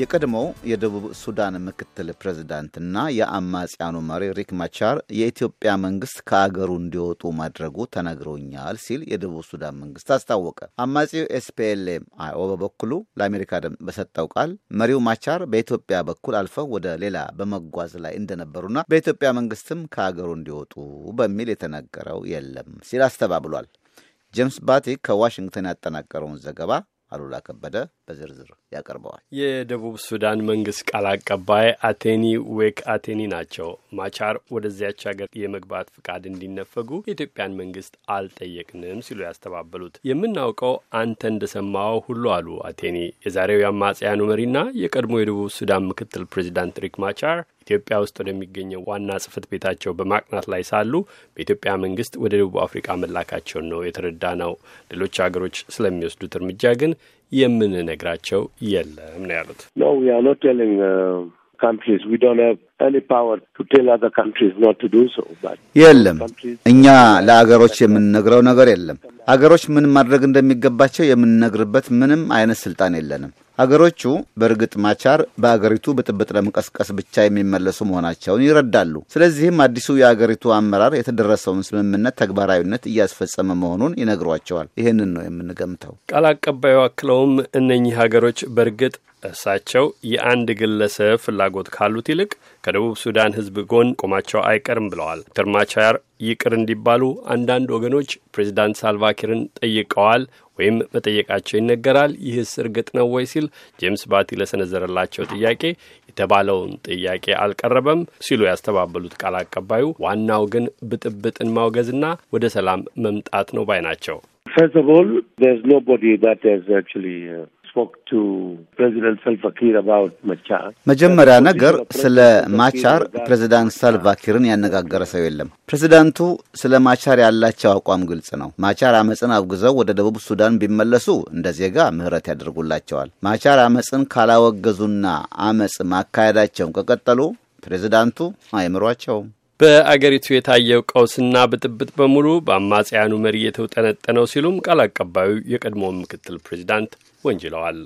የቀድሞው የደቡብ ሱዳን ምክትል ፕሬዚዳንትና የአማጽያኑ መሪ ሪክ ማቻር የኢትዮጵያ መንግስት ከአገሩ እንዲወጡ ማድረጉ ተነግሮኛል ሲል የደቡብ ሱዳን መንግስት አስታወቀ። አማጺው ኤስፒኤልኤም አይኦ በበኩሉ ለአሜሪካ ድምፅ በሰጠው ቃል መሪው ማቻር በኢትዮጵያ በኩል አልፈው ወደ ሌላ በመጓዝ ላይ እንደነበሩና በኢትዮጵያ መንግስትም ከአገሩ እንዲወጡ በሚል የተነገረው የለም ሲል አስተባብሏል። ጄምስ ባቲ ከዋሽንግተን ያጠናቀረውን ዘገባ አሉላ ከበደ በዝርዝር ያቀርበዋል። የደቡብ ሱዳን መንግስት ቃል አቀባይ አቴኒ ዌክ አቴኒ ናቸው። ማቻር ወደዚያች ሀገር የመግባት ፍቃድ እንዲነፈጉ የኢትዮጵያን መንግስት አልጠየቅንም ሲሉ ያስተባበሉት የምናውቀው አንተ እንደሰማው ሁሉ አሉ አቴኒ። የዛሬው የአማጽያኑ መሪና የቀድሞ የደቡብ ሱዳን ምክትል ፕሬዚዳንት ሪክ ማቻር ኢትዮጵያ ውስጥ ወደሚገኘው ዋና ጽህፈት ቤታቸው በማቅናት ላይ ሳሉ በኢትዮጵያ መንግስት ወደ ደቡብ አፍሪካ መላካቸውን ነው የተረዳ ነው። ሌሎች ሀገሮች ስለሚወስዱት እርምጃ ግን የምንነግራቸው የለም ነው ያሉት። uh, የለም እኛ ለአገሮች የምንነግረው ነገር የለም። አገሮች ምን ማድረግ እንደሚገባቸው የምንነግርበት ምንም አይነት ስልጣን የለንም። አገሮቹ በእርግጥ ማቻር በአገሪቱ ብጥብጥ ለመቀስቀስ ብቻ የሚመለሱ መሆናቸውን ይረዳሉ። ስለዚህም አዲሱ የአገሪቱ አመራር የተደረሰውን ስምምነት ተግባራዊነት እያስፈጸመ መሆኑን ይነግሯቸዋል። ይህንን ነው የምንገምተው። ቃል አቀባዩ አክለውም እነኚህ ሀገሮች በእርግጥ እሳቸው የአንድ ግለሰብ ፍላጎት ካሉት ይልቅ ከደቡብ ሱዳን ሕዝብ ጎን ቆማቸው አይቀርም ብለዋል። ዶክተር ይቅር እንዲባሉ አንዳንድ ወገኖች ፕሬዚዳንት ሳልቫኪርን ጠይቀዋል ወይም መጠየቃቸው ይነገራል። ይህስ እርግጥ ነው ወይ ሲል ጄምስ ባቲ ለሰነዘረላቸው ጥያቄ የተባለውን ጥያቄ አልቀረበም ሲሉ ያስተባበሉት ቃል አቀባዩ ዋናው ግን ብጥብጥን ማውገዝና ወደ ሰላም መምጣት ነው ባይ ናቸው። መጀመሪያ ነገር ስለ ማቻር ፕሬዚዳንት ሳልቫኪርን ያነጋገረ ሰው የለም። ፕሬዚዳንቱ ስለ ማቻር ያላቸው አቋም ግልጽ ነው። ማቻር አመፅን አውግዘው ወደ ደቡብ ሱዳን ቢመለሱ እንደ ዜጋ ምህረት ያደርጉላቸዋል። ማቻር አመፅን ካላወገዙና አመፅ ማካሄዳቸውን ከቀጠሉ ፕሬዚዳንቱ አይምሯቸውም። በአገሪቱ የታየው ቀውስና ብጥብጥ በሙሉ በአማጽያኑ መሪ የተውጠነጠነው ሲሉም ቃል አቀባዩ የቀድሞውን ምክትል ፕሬዚዳንት ወንጅለዋል።